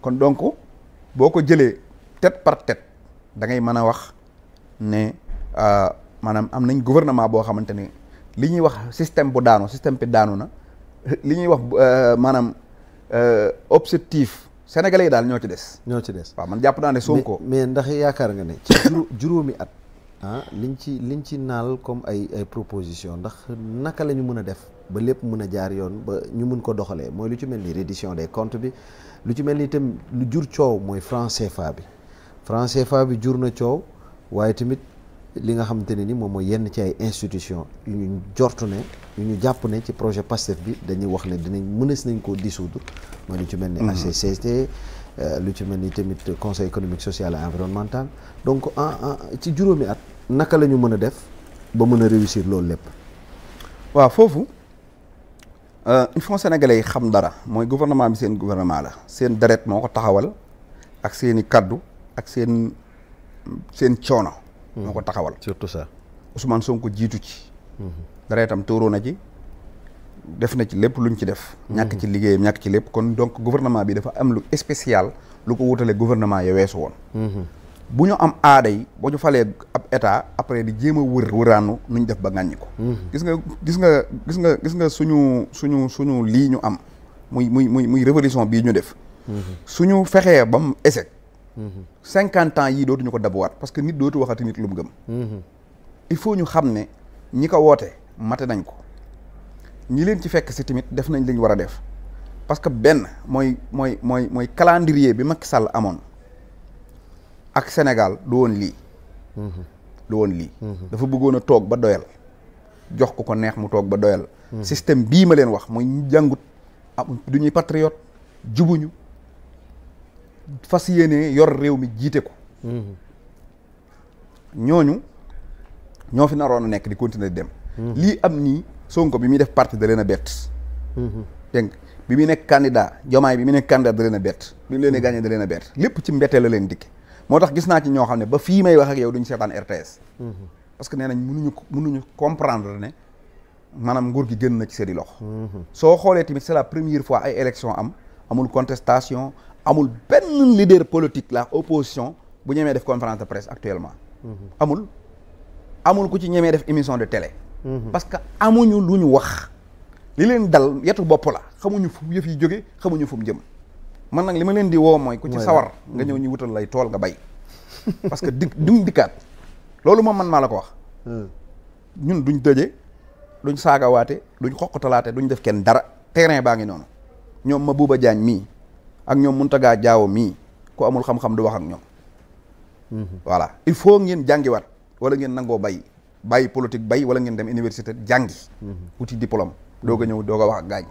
kon donc boo ko jëlee tête par tête da ngay mën a wax ne euh, maanaam am nañ gouvernement boo xamante ni li ñuy wax système bu daanu système bi daanu na li ñuy wax euh, maanaam euh, objectif sénégalais yi daal ñoo ci des. ñoo ci des waaw man jàpp naa ne Sonko. mais ndax yaakaar nga ne ci juróomi at. Ah, li ñu ci liñ ci naal comme ay ay proposition ndax naka la ñu mën a def ba lépp mën a jaar yoon ba ñu mën ko doxalee mooy lu ci mel ni reddition des comptes bi. lu ci mel ni itam lu jur coow mooy franc CFA bi franc CFA bi jur na coow waaye tamit li nga xamante ne ni moom mooy yenn ci ay institution yu ñu jortu ne yu ñu jàpp ne ci projet PASTEF bi dañuy wax ne dinañ si nañ koo dissoudre mooy ñu ci mel ni HCCT mhm. euh, lu ci mel ni tamit conseil économique social et environnemental donc en ci juróomi at naka la ñu mën a def ba mën a réussir loolu lépp waaw foofu Euh, il faut sénégalais yi xam dara mooy gouvernement bi seen gouvernement la seen deret moo ko taxawal ak seen i kaddu ak seen seen coono. moo ko taxawal hmm. surtout ça. Ousmane Sonko jiitu ci. Hmm. deretam tuuru na ci. def na ci lépp luñ ci def. ñàkk ci hmm. liggéeyam ñàkk ci lépp kon donc gouvernement bi dafa am lu spécial lu ko wutale gouvernement ya weesu woon. bu ñu am aada yi boo ñu falee ab état après di jéem a wër wëraanu ñu def ba ŋàññi ko mhm. gis nga gis nga gis nga gis nga suñu suñu suñu lii ñu am muy muy muy muy révolution bii ñu def mhm. suñu fexee ba mu échec mhm. cinquante ans yii dootuñu ko dabuwaat parce que nit dootu waxati nit lu mu gëm il faut ñu xam ne ñi ko woote mate nañ ko ñi leen ci fekk si tamit def nañ li war a def parce que benn mooy mooy mooy mooy calendrier bi Macky Sall amoon ak senegal du woon lii mhm. du woon lii mhm. dafa bëggoon a toog ba doyal jox ko ko neex mu toog ba doyal mhm. système bii ma leen wax muy jàngut am ah, du ñuy patriote jubuñu fas yéene yor réew mi jiite ko ñooñu ñoo fi naroon a nekk di continuer dem lii am nii Sonko bi muy def parti da leen a bett dégg bi mu nekk candidat Diomaye bi mu nekk candidat da leen a bett bi mu leen a gagné da leen a bett lépp ci mbette la leen dikke moo tax gis naa ci ñoo xam ne ba fii may wax ak yow duñu seetaan RTS. Mhm. parce que nee nañ mënuñu mënuñu comprendre ne maanaam nguur gi gën na ci seeni lox mhm. soo xoolee tamit c'est la première fois ay élection am amul contestation amul benn leader politique la opposition bu ñemee def conférence de presse actuellement. Mhm. amul amul ku ci ñemee def émission de télé. parce que amuñu lu ñu wax. li leen dal yetu bopp la xamuñu fu yëf yi jóge xamuñu fu jëm. man nag li ma leen di woo mooy ku ci sawar nga ñëw ñi wutal lay tool nga bay parce que di duñ dikkaat loolu moom man maa la ko wax hmm. ñun duñ dëje duñ saagawaate duñ talaate duñ def kenn dara terrain baa ngi noonu ñoom ma buuba jaañ mii ak ñoom muntagaa jaawo mii ku amul xam-xam du wax ak ñoom hmm. voilà il faut ngeen jàngiwaat wala ngeen nangoo bay bàyyi politique bay wala ngeen dem université jàngi hmm. wuti diplôme doog a ñëw doog a wax ak gaañ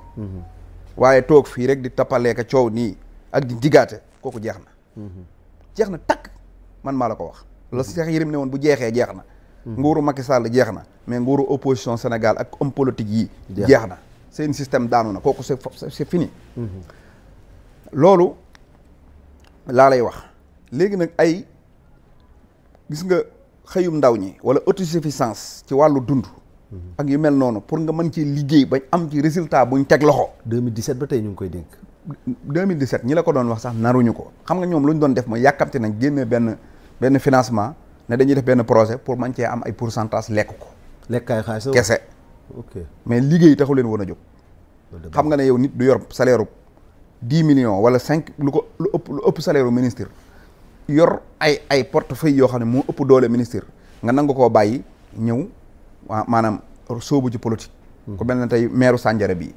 waaye toog fii rek di tappaleeka coow nii ak di digaate kooku jeex na mhm. jeex na takk man maa la ko wax la Cheikh Yérim ne woon bu jeexee jeex na mhm. nguuru Macky Sall jeex na mais nguuru opposition Sénégal ak homme politique yi jeex na seen système daanu na kooku c'est c'est fini mhm. loolu laa lay wax léegi nag ay gis nga xëyum ndaw ñi wala autosuffisance ci wàllu dund ak yu mel noonu pour nga mën ci liggéey bañ am ci résultat buñ teg loxo 2017 ba tey ñu ngi koy dénk 2017 ñi la ko doon wax sax naruñu ko xam nga ñoom lu ñu doon def mooy yàkkamti nag génne benn benn financement ne dañuy def benn projet pour mañ cee am ay pour pourcentage lekk ko. lekkaay xaalis kese. mais liggéey taxu leen woon a jóg. xam nga ne yow nit du yor salaire dix million wala cinq lu ko lu ëpp lu ëpp salaire ministre. yor ay ay portefeuille yoo xam ne moo ëpp doole ministre nga nangu koo bàyyi ñëw maanaam soobu ci politique. Hmm. ku mel ne tey maire Sandiara bii.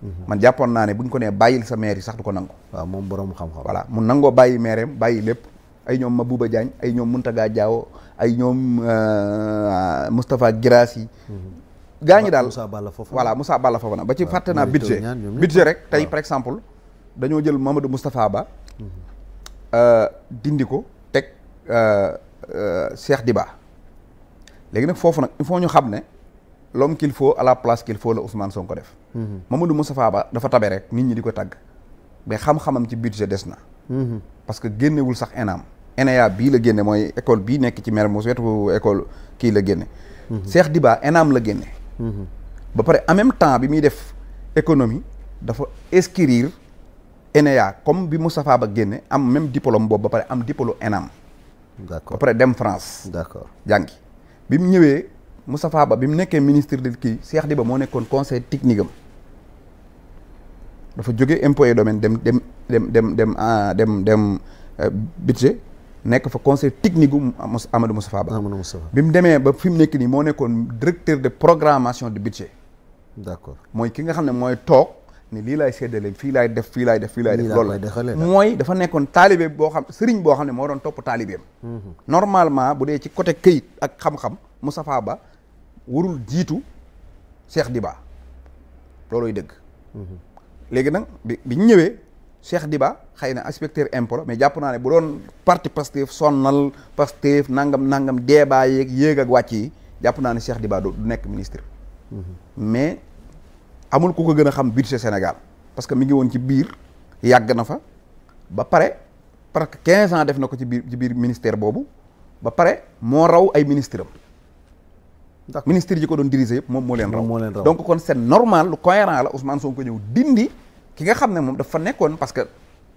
man jàppoon naa ne bu ñu ko nee bàyyil sa maire yi sax du ko nangu waaw moom borom xam-xam voilà mu nangoo bàyyi maireem bàyyi lépp ay ñoom ma Mabouba Diagne ay ñoom Mountaga Diawo ay ñoom euh, Moustapha Guirassy mhm. gaa ñi daal Moussa Balla Fofana voilà Moussa nag ba ci fàtte naa bit budget budget rek tey par exemple dañoo jël Mamadou Moustapha Ba mhm. euh, dindi ko teg euh, Cheikh Diba léegi nag foofu nag il faut ñu xam ne l'homme qu'il faut à la place qu'il faut la Ousmane ko def. Mhm. Mamadou Moustapha Ba dafa tabe rek nit ñi di ko tagg mais xam-xamam ci budget des na. Mhm. parce que génnewul sax ENAM. ENEA bii la génne mooy école bii nekk ci Mermoz wetu école kii la génne. Mhm. Cheikh Diba ENAM la génne. ba pare en même temps bi muy def économie dafa inscrire ENEA comme bi Moustapha Ba génne am même diplôme boobu ba pare am diplôme ENAM. d'accord ba pare dem France. d'accord jàngi bi mu ñëwee. Moustapha Ba bi mu nekkee ministre de kii di ba moo nekkoon conseil technique am dafa jóge impôt et domaine dem dem dem dem dem ah, dem dem euh, budget nekk fa conseil technique gu Amadou Moustapha Ba. Amadou Moustapha bi mu demee ba fi mu nekk nii moo nekkoon directeur de programmation du budget. d'accord mooy ki nga xam ne mooy toog ni lii laay séddale fii laay def fii laay def fii laay def loolu la mooy dafa nekkoon taalibe boo xam sëriñ boo xam ne moo doon topp taalibeem mhm. normalement bu dee ci côté këyit ak xam-xam Moustapha warul jiitu Cheikh Diba loolooy dëgg. léegi nag bi bi ñu ñëwee Cheikh Diba xëy na inspecteur impôt mais jàpp naa ne bu doon parti Pastef sonnal Pastef nangam nangam débat yeeg yéeg ak wàcc yi jàpp naa ne Cheikh Diba du nekk ministre. mais amul ku ko gën a xam budget Sénégal parce que mi ngi woon ci biir yàgg na fa ba pare que quinze ans def na ko ci biir ci biir ministère boobu ba pare moo raw ay ministre am. ministre yi ko doon diriger yëpp moom moo leen raw donc kon c'est normal lu cohérent la Ousmane Sonko ñëw dindi ki nga xam ne moom dafa nekkoon parce que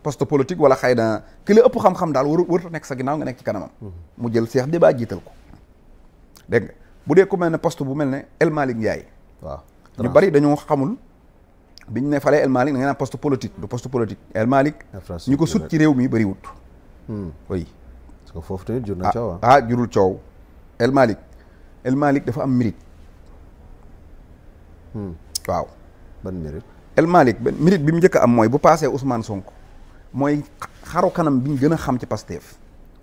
poste politique wala xëy na ki la ëpp xam-xam daal waru warut a nekk sa ginnaaw nga nekk ci kanamam mm-hmm. mu jël bu dee ku mel ne poste bu mel ne El Malick Ndiaye waaw ñu bari dañoo ne falee El Malick da nga naan poste politique du poste politique El hmm. que foofu tamit jur na ah, coow ah. ah jurul coow El Malick El Malick dafa am mérite. Hmm. waaw. ban mérite. El Malick benn mérite bi mu njëkk am mooy bu paasee Ousmane Sonko mooy xaru kanam bi ñu gën a xam ci Pastef.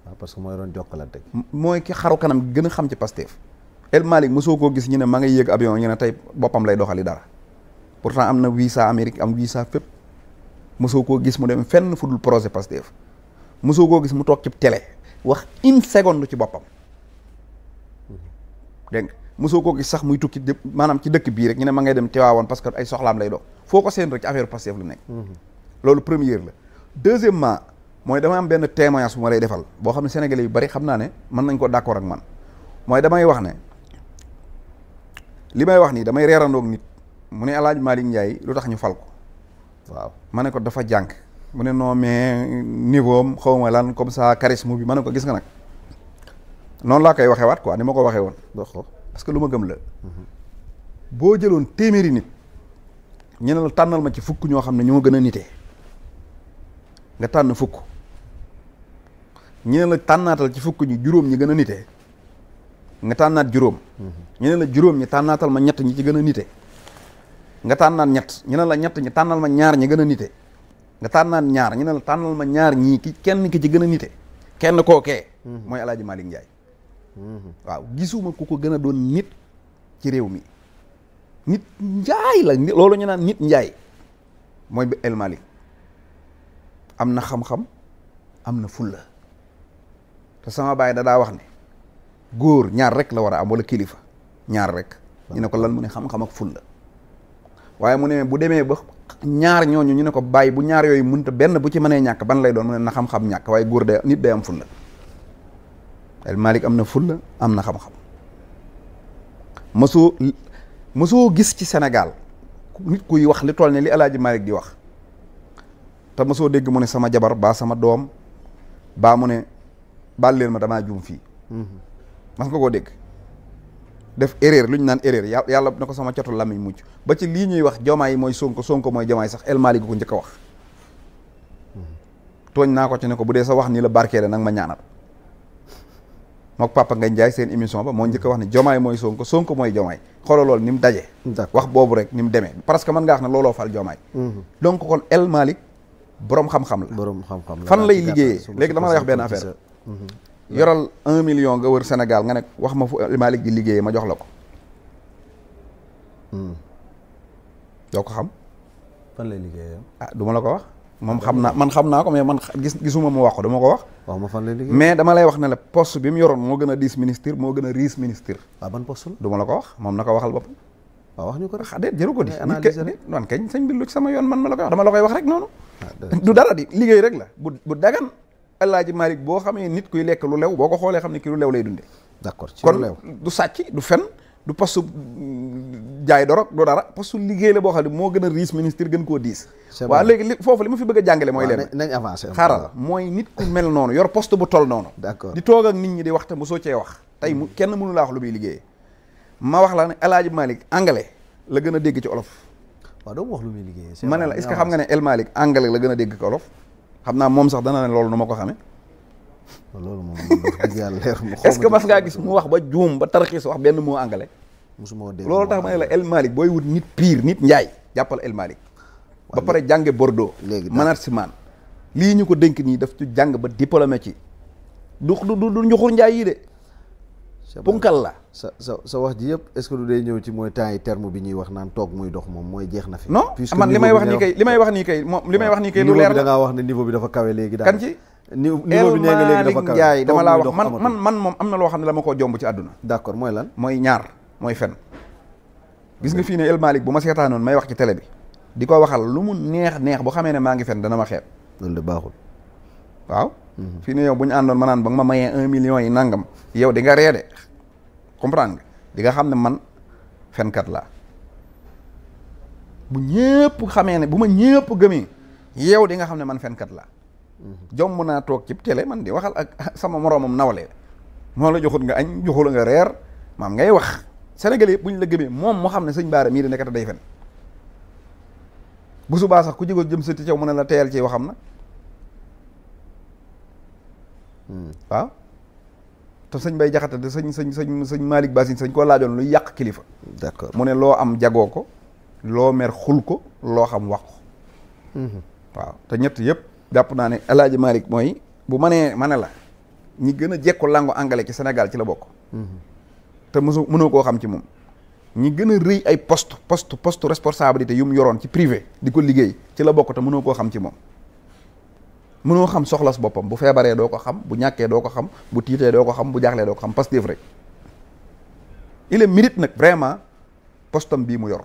waaw ah, parce que mooy doon jokkalante. mooy ki xaru kanam gën a xam ci Pastef. El Malick mosoo koo gis ñu ne ma ngay yéeg abion ñu ne tey boppam lay doxali dara pourtant am na visa amerique am visa fépp mosoo koo gis mu dem fenn fu dul projet Pastef mosoo koo gis mu toog ci tele wax une seconde ci boppam. dégg nga mosoo koo gis sax muy tukki maanaam ci dëkk bii rek ñu ne ma ngay dem Tiwaawoon parce que ay soxlaam lay dox foo ko seen rek ci affaire Pastef lu nekk mhm. loolu première la deuxièmement mooy dama am benn témoignage bu ma lay defal boo xam ne sénégalais yu bari xam naa ne mën nañ ko d'accord ak man mooy damay wax ne li may wax nii damay reerandoog nit mu ne El Hadj Malick Ndiaye lu tax ñu fal ko waaw ma ne ko dafa jànk mu ne non mais niveau am xaw ma lan comme ça charisme bi ma ne ko gis nga nag noonu laa koy waxee waat quoi ni ma ko waxee woon parce que lu ma gëm la boo jëloon téeméeri nit ñu ne la tànnal ma ci fukk ñoo xam ne ñoo gën a nitee nga tànn fukk ñu ne la tànnaatal ci fukk ñi juróom ñi gën a nitee nga tànnaat juróom ne la juróom tànnaatal ma ñett ñi ci gën a nite nga tànnaat ñett ñu ne la ñett ñi tànnal ma ñaar ñi gën a nite nga tànnaat ñaar ñu ne la tànnal ma ñaar ñii ki kenn ki ci gën a nite kenn kookee mm-hmm. mooy El Hadj Malick Ndiaye Mm-hmm. waaw gisuma ku ko gën a doon nit ci réew mi nit njaay la loolu ñu naan nit njaay mooy bi El am na xam-xam am na fulla te sama baay da daa wax ne góor ñaar rek la war a am wala kilifa ñaar rek ñu ne ko lan mu ne xam-xam ak fulla waaye mu ne bu demee ba ñaar ñooñu ñu ne ko bàyyi bu ñaar yooyu mënta benn bu ci mënee ñàkk ban lay doon mu ne na xam-xam ñàkk waaye góor day nit day am fulla El am na fulla am na xam-xam mosoo mosoo gis ci Sénégal nit kuy wax li toll ne li El Hadj Malick di wax te mosoo dégg mu ne sama jabar ba sama doom baa mu ne baal leen ma damaa juum fii. mas nga koo dégg def erreur lu ñu naan erreur yàlla na ko sama cotu làmmiñ mucc ba ci lii ñuy wax jomaay mooy sonko sonk mooy jamaay sax El Malick ko njëkk a wax. Hmm. tooñ naa ko ci ne ko bu dee sa wax nii la barkeele nag ma ñaanal. mook Papa Ngagne Ndiaye seen émission ba moo njëkk a wax ne jomaay mooy sonko sonko mooy jomaay xoolal loolu ni mu daje wax boobu rek ni mu parce que mën nga wax ne looloo fal jomaay mhm. donc kon El Malick borom xam-xam la borom xam-xam la fan lay liggéeyee léegi dama lay wax benn affaire mhm. yoral un million nga wër Sénégal nga ne wax ma fu El Malick di liggéeyee ma jox la ko mhm. doo ko xam fan lay liggéeyee ah du ma la ko wax moom xam naa man xam naa ko mais man gis gisuma mu wax ko dama ko wax. waaw ma fan lay mais dama lay wax ne la poste bi mu yoroon moo gën a diis ministre moo gën a riis ministre. waaw ban poste la. du ma la ko wax moom na ko waxal boppam. waaw wax ko ah, sama yoon man ma la koy wax dama la koy wax rek noonu. Ah, du dara di liggéey rek la bu bu dagan. Alaaji maari boo xamee nit kuy lekk lu lew boo ko xoolee xam ne ki lu lew lay dundee. d'accord ci lu lew kon du sàcc du fen du postu mm, jaay dorog du dara postu liggéey la boo xam ne moo gën a riis ministre gën koo diis waaw léegi li foofu li ma fi bëgg a mooy leen nañ avancé xaaral mooy nit ku mel noonu yor poste bu tol noonu d'accord di toog ak nit ñi di waxta soo soccee wax tey mu kenn mënu laa wax lu muy liggéeyee ma wax la ne El Hadj Malick la gën a dégg ci olof waaw doo wax lu muy liggéeyee ma ne la est que xam nga ne El Malick anglais la gën a dégg ci olof xam naa moom sax dana ne loolu nu ma ko xamee loolu moom dëgg yàlla leer mu est-ce que mas ngaa gis mu wax ba juum ba tarxiis wax benn moo anglais musuma dégg loolu tax ma ne la El Malick booy wut nit pire nit njaay jàppal El Malick ba pare jànge Bordeaux léegi management lii ñu ko dénk nii daf ci jàng ba diplômé ci du du du njuxur njaay yi de punkal la sa sa sa wax ji yëpp est-ce que mooy wax naan toog muy dox moom mooy jeex na fi non man li may wax nii kay li may wax nii kay moom li may wax nii kay lu leer da ngaa wax ne niveau bi dafa kawe léegi daal kan ci niveau bi nee nga léegi dafa kawe Ndiaye dama laa wax man man man moom am na loo xam ne la ma ko jomb ci àdduna d'accord mooy lan mooy ñaar mooy fen gis nga fii ne El Malick bu ma seetaanoon may wax ci télé bi di ko waxal lu mu neex neex bu xamee ne maa ngi fen dana waxee xeeb loolu de waaw mhm. fii ne yow bu ñu àndoon ma naan ba nga ma mayee un million yi nangam yow di nga reede comprendre nga di nga xam ne man fenkat laa bu ñëpp xamee ne bu ma ñëpp gëmee yow di nga xam ne man fenkat laa jomm naa toog ci télé man di waxal ak sama moroomam nawle moo la joxut nga añ joxula nga reer maam ngay wax sénégalais yëpp bu ñu la gëmee moom moo xam ne sëñ baara mii di day fen subaa sax ku jógo jëm sëti caw mu ne la teyal ci waxam na hmm. waaw te sëñ bay jaxate de sëñ sëñ sëñ sëñ Malick Basine sëñ koo laajoon lu yàq kilifa d'accord mu ne loo am jagoo ko loo mer xul ko loo xam wax ko hmm. waaw te ñett yëpp jàpp naa ne El Hadj Malick mooy bu manee nee la ñi gën a jekku lango angale ci Sénégal ci la bokk. te mosu mënoo koo xam ci moom. ñi gën a rëy ay poste poste poste responsabilité yu mu yoroon ci privé di ko liggéey ci la bokk te mënoo koo xam ci moom. mënoo xam soxlas boppam bu feebaree doo ko xam bu ñàkkee doo ko xam bu tiitee doo ko xam bu jaaxlee doo ko xam Pastef rek il est nag vraiment postam bii mu yor.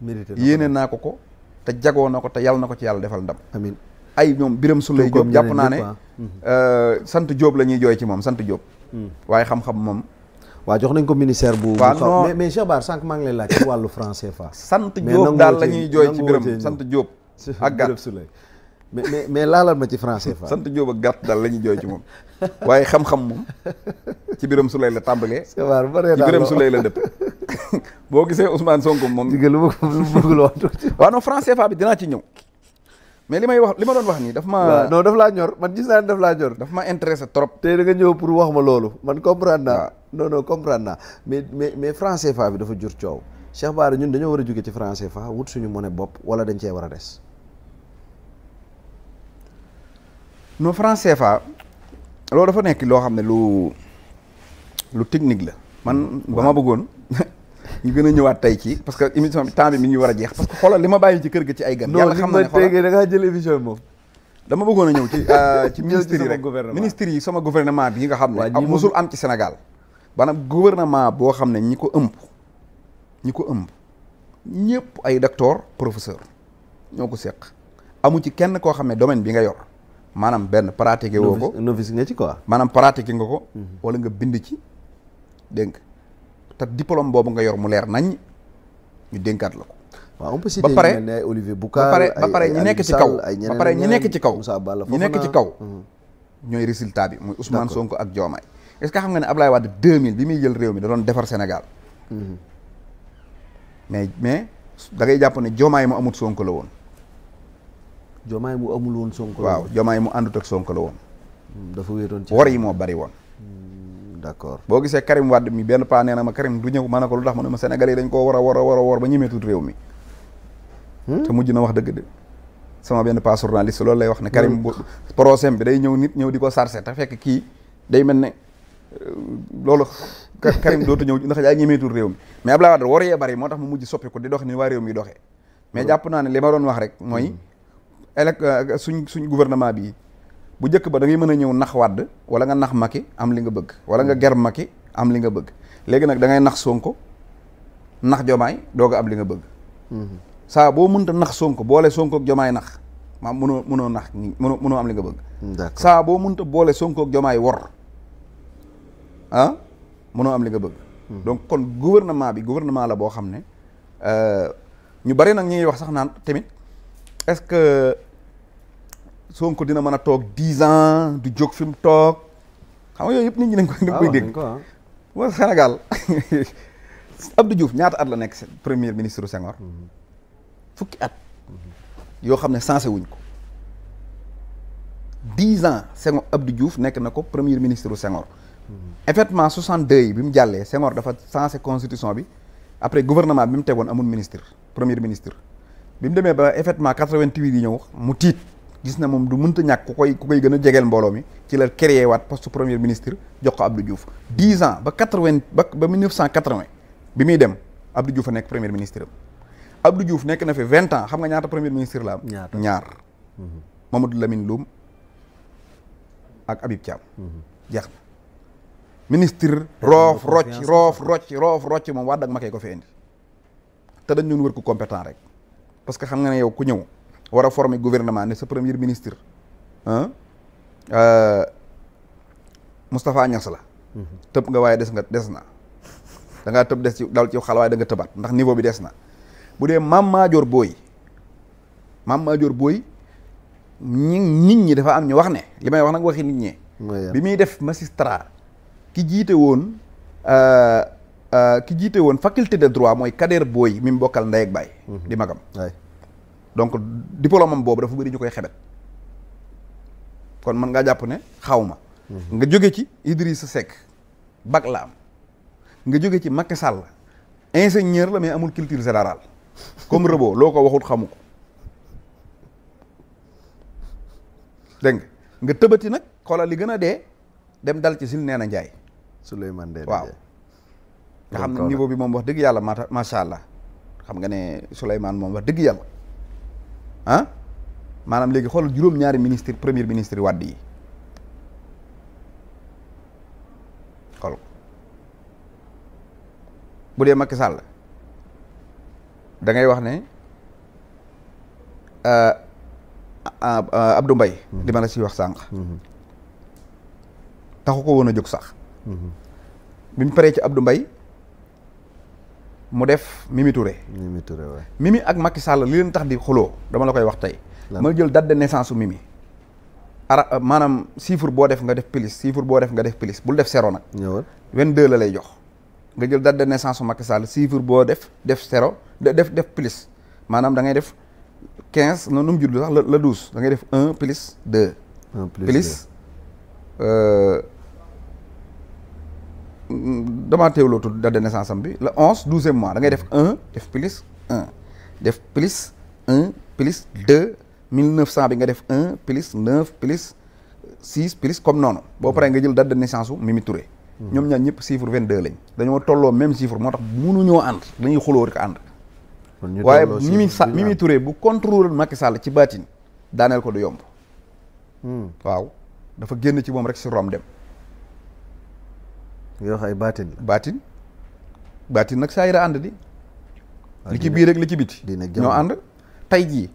mérite yéene naa ko ko te jagoo na ko te yàlla na ko ci yàlla defal ndam. amiin. ay ñoom Biram Souleye Diop jàpp naa ne ah. euh, sant joob la ñuy jooy ci moom sant Diop hmm. waaye xam-xam moom waaw jox nañ ko ministère bu mais mais Cheikh sànq maa ngi lay laaj ci wàllu franc CFA sant Diop la ñuy jooy ci Biram sant Diop ak gàtt mais mais laalal ma ci franc CFA sant Diop ak gàtt daal la ñuy jooy moom waaye xam-xam moom ci Biram Souleye la tàmbalee ci Biram Souleye la dëpp boo gisee Ousmane Sonko moom digga lu ma ko bëgg la wax tuuti waaw non bi dinaa ci ñëw mais li may wax li ma doon wax nii daf ma non daf laa ñor man gis naa ne daf laa ñor daf ma intéressé trop tey da nga ñëw pour wax ma loolu man comprendre naa non non comprendre naa mais mais mais franc CFA bi dafa jur coow Cheikh Bara ñun dañoo war a jóge ci franc CFA wut suñu ne bopp wala dañ cee war a des non franc CFA loolu dafa nekk loo xam ne lu lu technique la man ba ma bëggoon ñu gën a ñëwaat tey ci parce que émission bi temps bi mi ngi war a jeex parce que xoolal li ma bàyyi ci kër ga ci ay gan yàlla xam na ne xoolal da ngaa jël émission bi moom dama bëggoon a ñëw ci euh, ci ministère yi rek ministère yi sama bi nga xam ne mosul am ci Sénégal maanaam gouvernement boo xam ne ñi ko ëmb ñi ko ëmb ñëpp ay docteur professeur ñoo ko seq amu ci kenn koo xam ne domaine bi nga yor maanaam benn pratiqué woo ko novice nga ci quoi maanaam pratiqué nga ko mhm. wala nga bind ci dégg nga te diplôme boobu nga yor mu leer nañ ñu dënkaat la ko. waaw on peut citer ba pare Olivier Boucar ba pare ba pare ñi nekk ci kaw ba pare ñi nekk ci kaw ñi nekk ci kaw. ñooy résultat bi muy Ousmane sonk ak Diomaye. est-ce que xam nga ne Ablaye Wade mil bi muy jël réew mi da doon defar Sénégal. Mhm. mais mais da ngay jàpp ne Diomaye mu amut sonk la woon. Diomaye mu amul woon la woon waaw Diomaye mu àndut ak sonk la woon. Mhm, dafa ci war yi moo bari woon. Mhm. d'accord boo gisee Karim Wade mi benn paa nee ma Karim du ñëw man ne ko lu tax ma ne ma Sénégalais yi dañ koo war a war a war a mi hmm? te mujj na wax dëgg de sama benn paa journaliste loolu lay wax ne hmm. Karim bu procès bi day ñëw nit ñëw di ko sarse fekk kii day mel ne euh, loolu Karim dootu ñëw ndax yaa ñemeetul réew mi mais Abdoulaye Wade war yee bari moo tax ma mujj soppi ko di dox ni waa réew mi doxee mais hmm. jàpp naa ne li ma doon wax rek mooy elec euh, suñ suñ gouvernement bi bu njëkk ba dangay mën a ñëw nax wàdd wala nga nax Macky am li nga bëgg wala nga ger Macky am li nga bëgg léegi nag dangay nax Sonko nax Jomaay doog a am li nga bëgg mm-hmm. saa boo mënta nax Sonko boole Sonko ak Jomaay nax maam mënoo mënoo nax mënoo mënoo am li nga bëgg saa boo mënta boole Sonko ak Jomaay wor ah mënoo am li nga bëgg mm-hmm. donc kon gouvernement bi gouvernement la boo xam ne euh, ñu bari nag ñu ngi wax sax naan tamit Sonko dina mën a toog dix ans du jóg fi mu toog xam nga yooyu yëpp nit ñi dañ koy. waaw ah, dañ ko ah waaw Sénégal Abdou Diouf ñaata at la nekk premier ministre Senghor. Mhm. fukki at. yoo xam ne sensé wuñ ko. dix ans Senghor Abdou Diouf nekk na ko premier ministre Senghor. Mhm. effectivement soixante deux yi bi mu jàllee Senghor dafa sensé constitution bi après gouvernement bi mu tegoon amul ministre premier ministre. bi mu demee ba effectivement quatre vingt huit yi ñëw mu tiit. gis na moom du mënta ñàkk ku koy ku koy gën a jegeel mbooloo mi ci la créé waat poste premier ministre jox ko Abdou Diouf dix ans ba quatre vingt ba ba mille neuf cent quatre vingt bi muy dem Abdou Diouf a nekk premier ministre am Abdou Diouf nekk na fi vingt ans xam nga ñaata premier ministre la am. ñaar mhm. Mamadou Lamine Loum ak Habib Thiam. Mhm. jeex na ministre roof rocc roof rocc roof moom waa ak Macky ko fi indi te dañ doon wër ku compétent rek parce que xam nga ne yow ku ñëw. war a former gouvernement ne sa premier ministre euh, Moustapha Niass la mhm. tëb nga waaye des nga des na da ngaa tëb des ci dal ci xal waaye da nga tëbaat ndax niveau bi des na bu dee maam maajoor booy maam maajoor booy ñi nit ñi dafa am ñu wax ne li may wax nag waxi nit ñi bi muy def magistrat ki jiite woon euh, euh, ki jiite woon faculté de droit mooy Kader Boye mi mu bokkal ndey ak mhm. di magam donc diplôme am boobu dafa bëri ñu koy xebet kon man ngaa jàpp ne xaw ma mhm. nga jóge ci sa Seck bac la am nga jóge ci Macky la ingénieur la mais amul culture générale comme rebo loo ko waxut xamu ko dégg nga tëbati nag xoolal li gën a dee dem dal ci sil nee na Njaay Souleymane Ndeye waaw nga xam ne niveau bi moom wax dëgg yàlla macha allah xam nga ne Souleymane moom wax dëgg yàlla ah maanaam léegi xoolal juróom-ñaari ministre premier ministre wàdd yi xool bu dee Macky Sall da wax ne euh, Abdou Mbaye mm-hmm. li ma la siy wax sànq mm-hmm. taxu ko woon a jóg sax mm-hmm. bi mu paree ci Abdou mbay mu def Mimi Touré. Mimi Touré ak Macky Sall li leen tax di xuloo dama la koy wax tey. ma jël date de naissance su Mimi. ara euh, maanaam chiffre boo def nga def plus chiffre boo def nga def plus bul def zéro nag. ñëwal 22 la lay jox. nga jël date de naissance su Macky Sall chiffre boo def def sero def def plus maanaam da ngay def quinze noonu nu mu judd sax la la 12 da ngay def 1 plus 2. 1 plus damaa teewloo tudd date de naissance am bi le onze douzième mois dangay def un def plus un def plus un plus deux mille neuf cent bi nga def un plus neuf plus six plus comme noonu. boo paree nga jël date de naissance su Mimi Touré. ñoom ñaar ñëpp chiffre vingt deux lañ. dañoo tolloo même chiffre moo tax mënuñoo ànd dañuy xuloo rek ànd. waaye Mimi sa Mimi ah. Touré bu contrôle Macky Sall ci baatin daaneel ko du yomb. Hmm. waaw dafa génn ci moom rek si rom dem. nga wax ay baatin baatin baatin nag saa yira ànd di li ci biir rek li ci biti ñoo ànd tey jii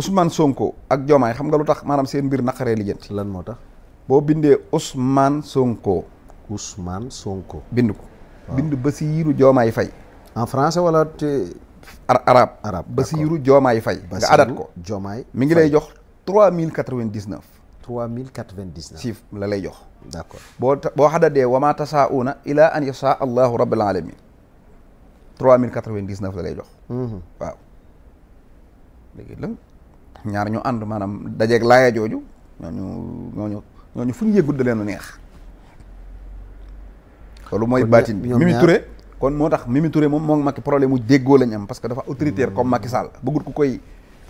Ousmane Sonko ak joomaay xam nga lu tax maanaam seen mbir naqaree lijjanti lan moo tax boo bindee Ousmane Sonko Ousmane Sonko bind ko bind ba si yiiru Diomaye fay en français wala te Ar arabe arabe Bassirou Diomaye Faye nga adat ko Diomaye mi ngi lay jox trois mille quatre vingt 3099 siif la lay jox d'accord boo boo xadadee wa ma tasaauna ila an yasaa allahu rabbil alamin 3099 la lay jox mhm. waaw léegi la ñu ànd maanaam dajeeg laaya jooju ñooñu ñooñu ñooñu fu ñu yëggut da leen neex loolu mooy baatin bi Mimi Touré kon moo tax Mimi Touré moom moo Macky problème mu déggoo lañ am parce que dafa autoritaire mm. comme Macky Sall bëggut ku koy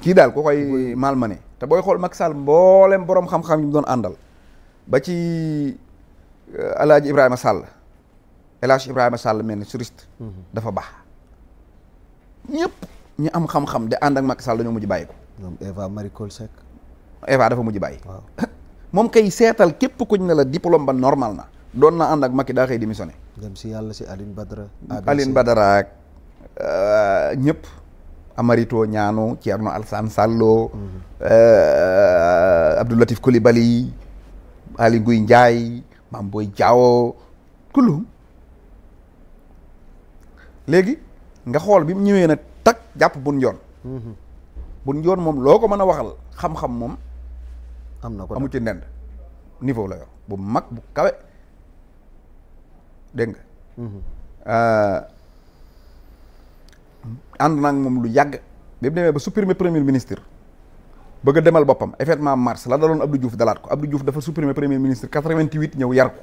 kii daal ko koy malmené te booy xool Macky Sall mboolem boroom xam-xam yi mu doon àndal ba ci El euh, Ibrahima Sall El Ibrahima Sall mel ni juriste. Mhm. dafa baax ñëpp ñu am xam-xam de ànd ak mag Sall dañoo mujj bàyyi ko. ñoom Eva Marie Coll Seck. Eva dafa mujj bàyyi. moom kay seetal képp kuñ na la diplôme ba normal na. doon na ànd ak Macky daa xëy démissionné. dem si yàlla si Aline Badara. Aline Badara ak euh, ñépp Amarito Ñaanu Thierno Alassane Sàllo mhm. eh, Abdou Latif Coulibaly Ali Nguy Ndiaye Mame Boye Diao léegi nga xool bi mu ñëwee nag tag jàpp bun yoon bun moom loo ko mën a waxal xam-xam moom am na ko amu ci ndend niveau la yor bu mag bu kawe dégg ànd naa moom lu yàgg bi mu demee ba supprimer ministre bëgg a demal boppam effectivement mars la daloon Abdou Diouf dalaat ko Abdou Diouf dafa supprimer premier ministre 88 ñëw yar ko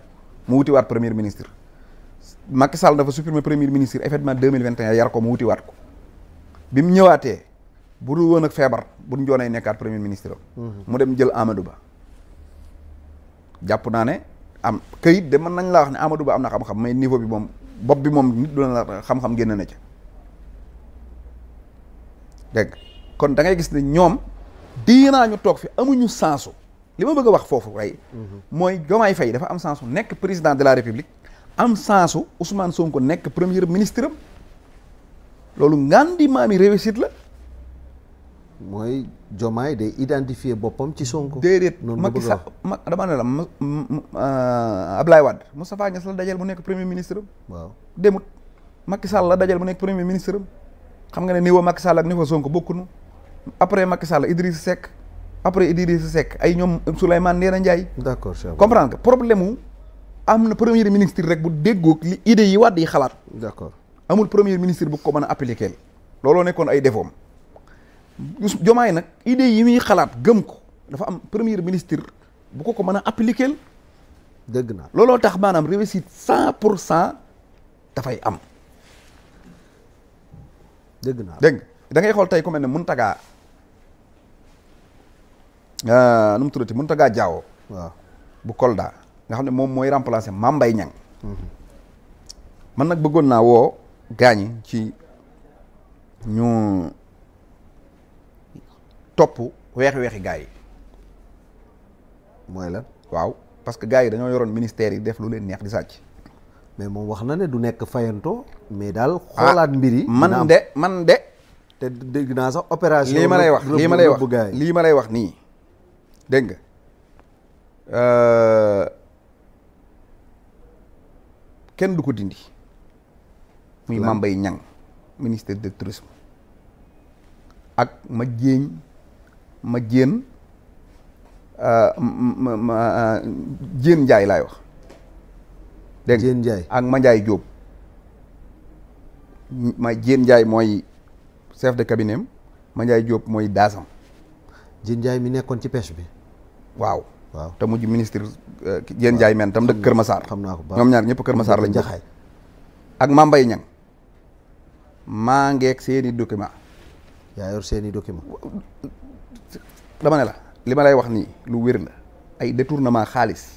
mu wuti waat premier ministre Macky Sall dafa supprimer premier ministre effectivement 2021 yar ko bi mu ñëwaatee bu dul woon ak feebar bu njoonee nekkaat premier ministre mhm. mu dem jël Amadou Ba jàpp naa ne am kayit dem mën nañ laa wax ne Amadou Ba am na xam-xam mais niveau bi moom bopp bi moom nit du la xam-xam génn na ca dégg kon da ngay gis ne ñoom diinaa ñu toog fi amuñu sensu li ma bëgg a wax foofu rey mooy Diomaye Faye dafa am sensu nekk président de la république am sensu Ousmane Sonko nekk premier ministre am loolu ngaan di maami réussite la mooy Diomaye day identifier boppam ci Sonko déedéet Macky Sall ma dama ne la euh, Ablaye Wade Moustapha Niass la dajal mu nekk premier ministre am waaw Sall la dajal mu nekk premier ministre am xam nga ne niveau Macky Sall ak niveau Sonko bokkunu après Macky Sall Idriss Seck après Idriss Seck ay ñoom Souleymane Ndéné Ndiaye. d'accord comprendre nga problème mu am na premier ministre rek bu déggoog li idées yi Wade yi xalaat. d'accord amul premier ministre bu ko mën a looloo nekkoon ay defoom jomaay nag idées yi muy xalaat gëm ko dafa am premier ministre bu ko ko mën a appliquer. dëgg naa looloo tax maanaam réussite cent pour cent dafay am. dégg naa dégg da ngay xool tey ku mel ne Mountaga tagaa euh, mu tuddati mun tagaa waaw bu Kolda nga xam ne moom mooy remplacer Mame Mbaye Niang mhm. man nag bëggoon naa woo gaañi ci ñu topp weex-weexi gars yi mooy la waaw parce que gars yi dañoo yoroon ministère yi def lu leen neex di sàcc mais moom wax na ne du nekk fayanto mais daal ah, xoolaat mbir yi man de man de te dégg naa sax opération lii ma lay wax lii ma lay wax lii ma wax nii dégg nga euh, kenn du ko dindi muy Mame Mbaye Niang ministre de tourisme ak ma jéeñ ma jéen euh, ma euh, njaay laay wax dégg Jéen Njaay ak Mandiaye Diop ma Jéen Njaay mooy chef de cabinet am Mandiaye Diop mooy daasam Jéen Njaay mi nekkoon ci pêche bi waaw waaw te mujj ministre euh, Jéen Njaay men tam dëkk Kër Massar xam naa ko ñoom ñaar ñëpp Kër Massar lañ jaxaay ak Mame Mbaye Niang maa ngeeg seeni document yaa seeni document dama ne la li ma lay wax nii lu wér la ay détournement xaalis